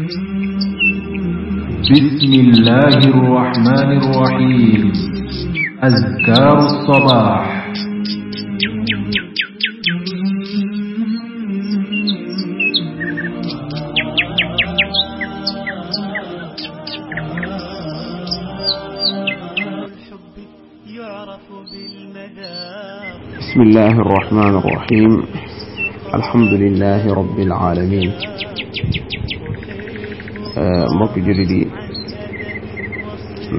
بسم الله الرحمن الرحيم أذكار الصباح بسم الله الرحمن الرحيم الحمد لله رب العالمين Euh, mbokki jullit yi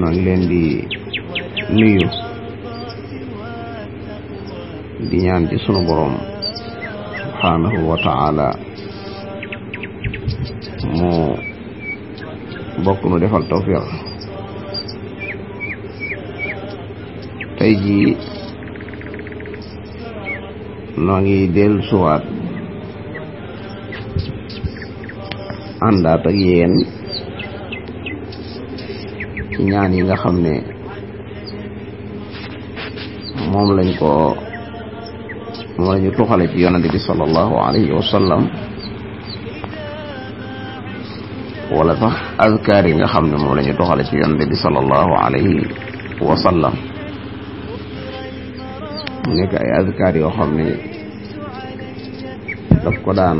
maa ngi leen di nuyu di ñaan ci sunu boroom subhaanahu wa taala mu bokk nu defal tawfiq tey jii noo ngi dellu àndaat ak yéen ci ñaan yi nga xam ne moom lañ ko moom la ñu tuxale ci yonante bi sallallahu alayhi wa sallam wala sax azkaar yi nga xam ne moom la ñu tuxale ci yonante bi sallallahu alayhi wa sallam mu nekk ay azkaar yoo xam ne daf ko daan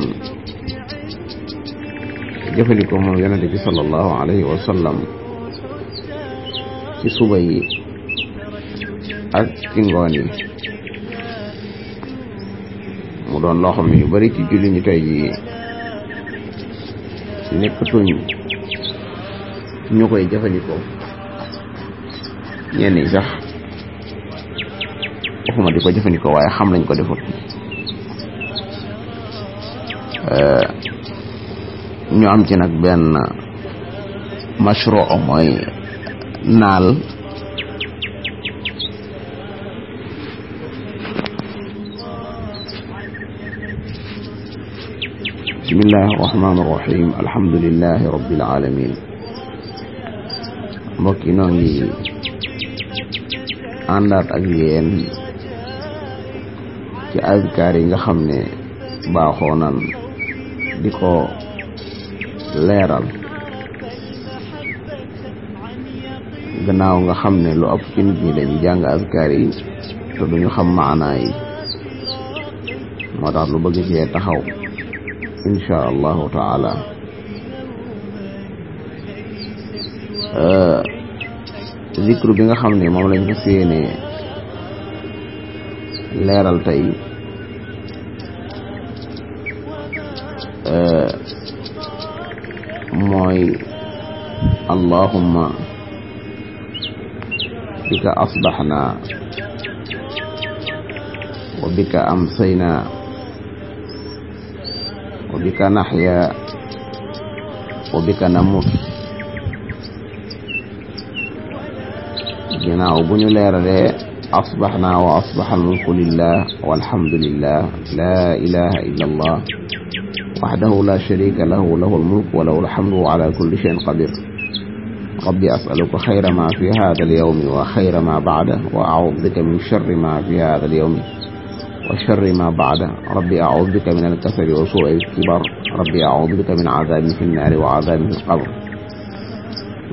jëfandikoo moom yonente bi sallallahu alayhi wa sallam ci suba yi ak ci ngoon mu doon loo xam ne ñu bari ci julli ñu tey ji nekkatuñ ñu koy jëfandikoo ñenn yi sax waxuma di ko jëfandikoo waaye xam lañ ko defut ñu am ci nag benn mashru mooy naal bismillahi irrahman irrahim alhamdulilahi rabbil alamin mbokk yi noo ngi àndaat ak yéen ci azkaar yi nga xam ne baaxoo nan di ko leeral gannaaw nga xam ne lu ëpp ci nit ñi dañuy jàng askar yi te duñu xam maanaa yi moo tax lu bëgg cee taxaw insha allahu taala zikru bi xam ne moom lañ ko séenee leeral tey mooy allahumma bika asbaxna wa bika amsayna wa bika naxya wa bika namut ginnaaw bu ñu leeralee asbaxna wa asbaxal mulku lillah walhamdulillah la ilaha illa allah وحده لا شريك له له الملك وله الحمد على كل شيء قدير رب أسألك خير ما في هذا اليوم وخير ما بعده وأعوذ بك من شر ما في هذا اليوم وشر ما بعده رب أعوذ بك من الكسل وسوء الكبر رب أعوذ بك من عذاب في النار وعذاب في القبر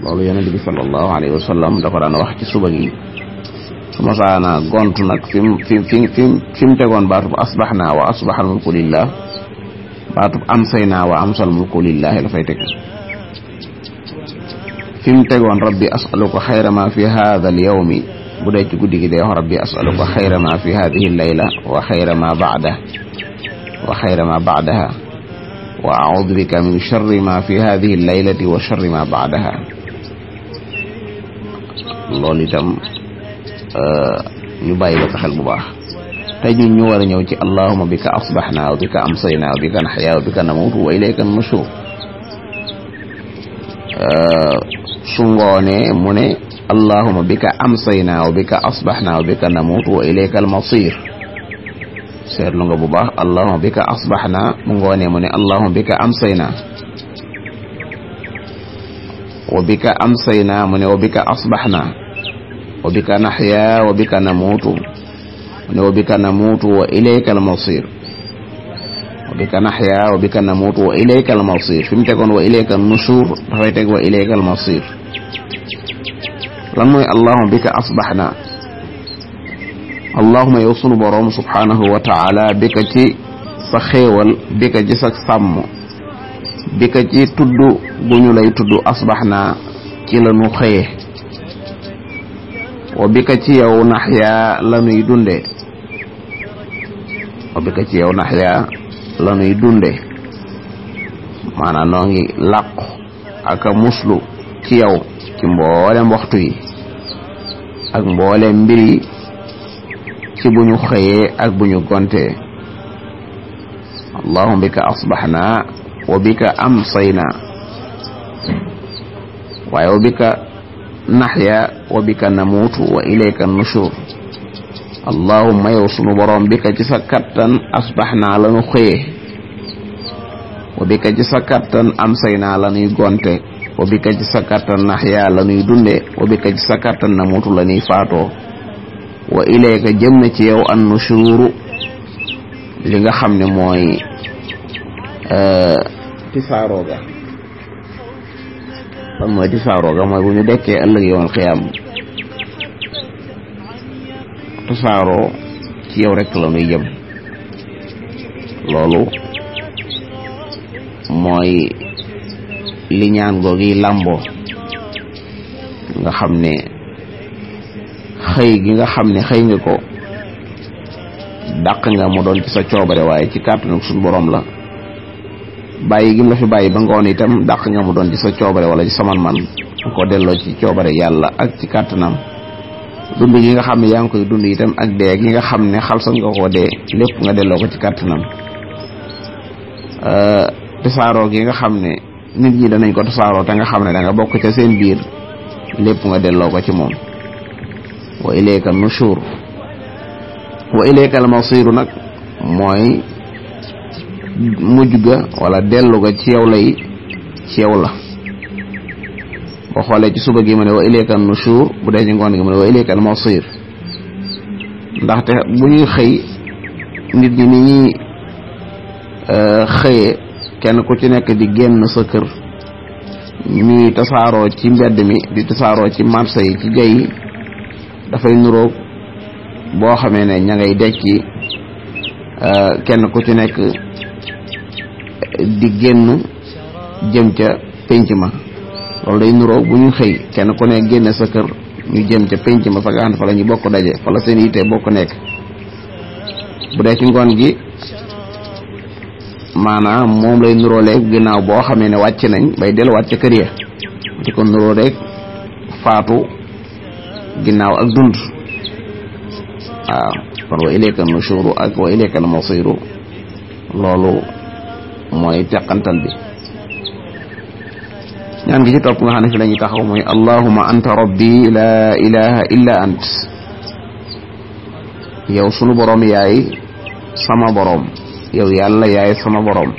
loolu yonent bi sallallahu alayhi wa sallam da ko daan wax ci suba gi su masaana gont nag fi mu fi mu fi mu tegoon baatu asbaxnaa wa asbaxal mulku lillah baatub am say naa wa am sal mulku lillaahi la fay teg fi mu tegoon rabbi asaluka xayra ma fi haada al yawmi bu dee ci guddi gi day wax rabbi asaluka xayra ma fi haadihi layla wa xayra ma baada wa xayra ma baadaha wa audu bika min charri ma fi haadihi laylati wa charri ma baadaha loolu itam euh, ñu bàyyi ba ko xel bu baax tey ñun ñu war a ñëw ci allahuma bika asbaxna wa bika amsayna wa bika naxya wa bika namuutu wa ilayka nushur su ngoonee mu ne allahuma bika amsayna wa bika asbaxna wa bika namuutu wa ilayka almasir seetlu nga bu baax allahuma bika asbaxna bu ngoonee mu ne allahuma bika amsayna wa bika amsayna mu ne wa bika asbaxna wa bika naxya wa bika namuutu mu ne wa bika namuutu wa ilayka almasir wa bika naxya wa wa ilayka almasir fi mu tegoon wa ilayka nushur dafay teg wa ilayka almasir lan asbaxna allahuma yow sunu boroom subhaanahu wa taala bika ci sa xéewal ci sa sàmm tudd gu lay tudd asbaxna ci la nu xëye wa bika ci yow naxya la nuy dunde wa bi ko ci yow nax yaa la nuy dunde maanaam noo ngi làqu ak muslu ci yow ci mboolem waxtu yi ak mboole mbir yi ci bu ak bu ñu gontee allahuma bika asbaxna wa bika amsayna waaye wa bika naxya wa bika namuutu wa ilayka nushur allahuma yow sunu boroom bi ka ci sa kattan asbax naa lanu xëye wa bi ka ci sa kattan am say naa lanuy gonte wa bi ka ci sa kattan naxyaa lanuy dunde wa bi ka ci sa kattan namutu lanuy faatoo wa ilayka jëm na ci yow an nushuru li nga xam ne mooy eh, tisaarooga fan mooy tisaarooga mooy bu ñu dekkee ëllëg yowal xiyaam tasaaroo ci yow rekk la nuy jëm loolu mooy li ñaan googi làmboo nga xam ne xëy gi nga xam ne xëy nga ko dàq nga mu doon ci sa coobare waaye ci kàttanu suñu borom la bàyyi gi mu la fi bàyyi ba ngoon itam dàq nga mu doon ci sa coobare wala ci saman man ko delloo ci coobare yàlla ak ci kàttanam dund yi nga xam ne yaa ngi koy dund itam ak dee yi nga xam ne xalsan nga koo dee lépp nga delloo ko ci kàttanam euh, tasaaroo gi nga xam ne nit ñi danañ ko tasaaroo te nga xam ne danga bokk ca seen biir lépp nga delloo ko ci moom wa ilayka nushur wa ilayka al masiru nag mooy mujj ga wala dellu ga ci yow lay ci la boo xoolee ci suba gi mu ne wa ilayka nushur bu dee ci ngoon gi mu ne wa ilayka al masir ndaxte bu ñuy xëy nit ñi ni ñuy euh, xëyee kenn ku ci nekk di génn sa kër ñuy tasaaroo ci mbedd mi di ci marché yi ci dafay nuroog boo xamee ne ña ngay euh, kenn ku ci nekk di génn jëm ca pénc ma loolu day nuroo bu ñu xëy kenn ko ne génne sa kër ñu jëm ca penc ma fa nga xam ne ñu bokk daje fa la seen yitte bokk nekk bu dee ci ngoon gi maanaam moom lay nuroo léegi ginnaaw boo xamee ne wàcc nañ bay delluwaat ca kër ya di ko nuroo rek faatu ginnaaw ak dund waaw kon wa ilayka nushuru ak wa ilayka al masiru loolu mooy teqantal bi ñaan gi ci topp nga xam fi la ñuy taxaw mooy allahuma anta rabbi la ilaha illa ant yow sunu boroom yaay sama boroom yow yàlla yaay sama boroom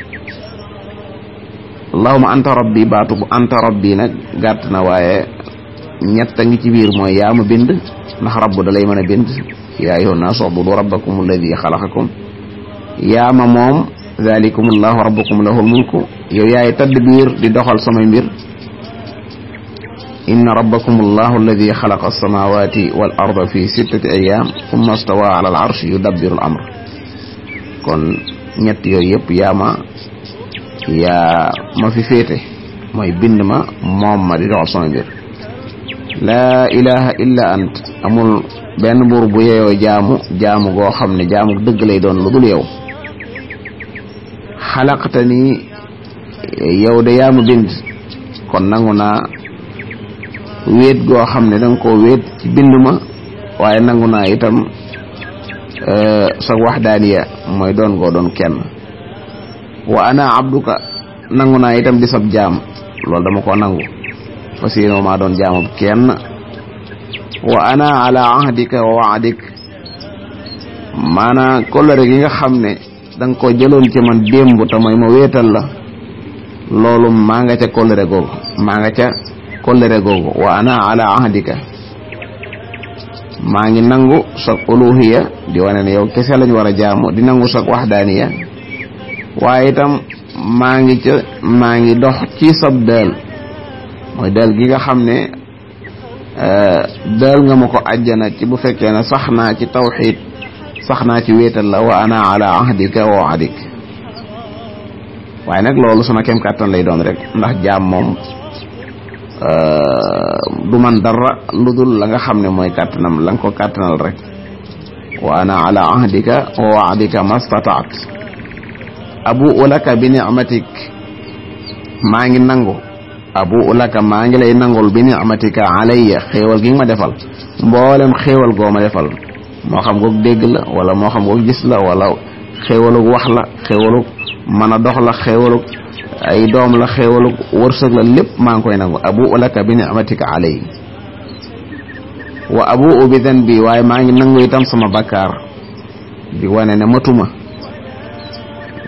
ma anta rabbi baatu bu anta rabbi nag gàtt na waaye ñett a ngi ci biir mooy yaa ma bind ndax rabbu da lay mën a bind yaa ayyuhan naas ubudu rabbakum alladi xalaqakum yaa ma moom zalikum allahu rabbukum lahul mulku yow yaay di doxal samay mbir inna rabbakum allahu alladi xalaqa alsamawati wal arda fi sittati ayam summa stawa ala al arsh yudabbiru al amr kon ñett yooyu yëpp yaa ma yaa ma fi féete mooy bind ma moom ma di doxal sama mbir laa ilaha illa ant amul benn buur bu yeyoo jaamu jaamu goo xam ne jaamu dëgg lay doon lu dul yow xalaqta ni yow de yaa ma bind kon nangu naa wéet goo xam ne danga ko wéet bind ma waaye nangu naa itam euh, sa waxdaaniya mooy doon goo doon kenn wa ana abduka nangu naa itam di sab jaam loolu dama ko nangu fas yéene doon jaamab kenn wa ana ala ahdika wa waadik maanaam gi nga xam ne danga ko jëloon ci man démb te mooy ma wéetal la loolu maa nga ca kóllëre googu maa kollëre googu wa ana ala ahdika maa ngi nangu sak uluhiya di wane ne yow kese lañ war a jaamu di nangu sak waxdaaniya waaye itam maa ngi ca maa ngi dox ci sab dël mooy dël gi nga xam ne eh, dël nga ma ko ajjana ci bu fekkee na sax naa ci tawxiid sax naa ci wéetal la wa ana ala ahdika wa wa'dik waaye nag loolu sama kem kàttan lay doon rek ndax jaam moom Euh, du man dara lu la nga xam ne mooy kàttanam la ko kàttanal rek wa ana ala ahdika wa waadika mastataat abu ulaka bi nicmatik maa ngi nangu abu ulaka maa ngi lay nangul bi nicmatika alayya xéewal gi ma defal mboolem xéewal goo ma defal moo xam goog dégg wala moo xam goog gis la wala xéewalug wax la xéewalug mën a dox ay doom la xéewalu wërsëg la lépp maa ngi koy nangu abu laka bi ni'matika alay wa abu bi danbi waaye maa ngi nangu itam sama bakkaar bi wane ne matuma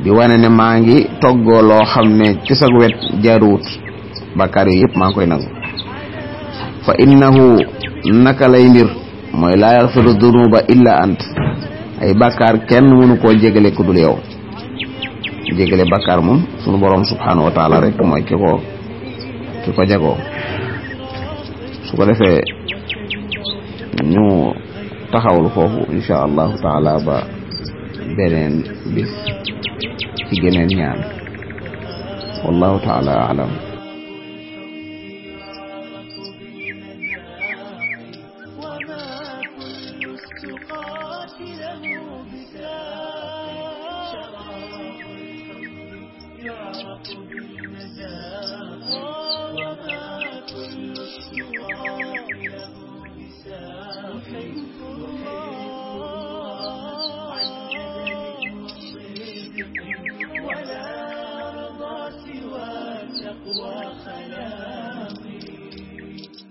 di wane ne maa ngi toggoo xam ne ci wet jaaruwut bakkaar yooyu yépp maa ngi koy nangu fa innahu naka lay mbir mooy laa yaxfiru dunuba illa ant ay bakkaar kenn mënu koo jégale ku dul yow jégale bàkkaar moom suñu borom subhanahu wa taala rek mooy ki ko ki ko jagoo su ko defee ñu taxawul foofu insha allahu taala ba beneen bis ci ñaan wallahu taala alam النجم